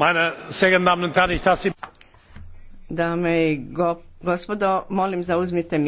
meine sehr geehrten damen und gospodo molim zauzmite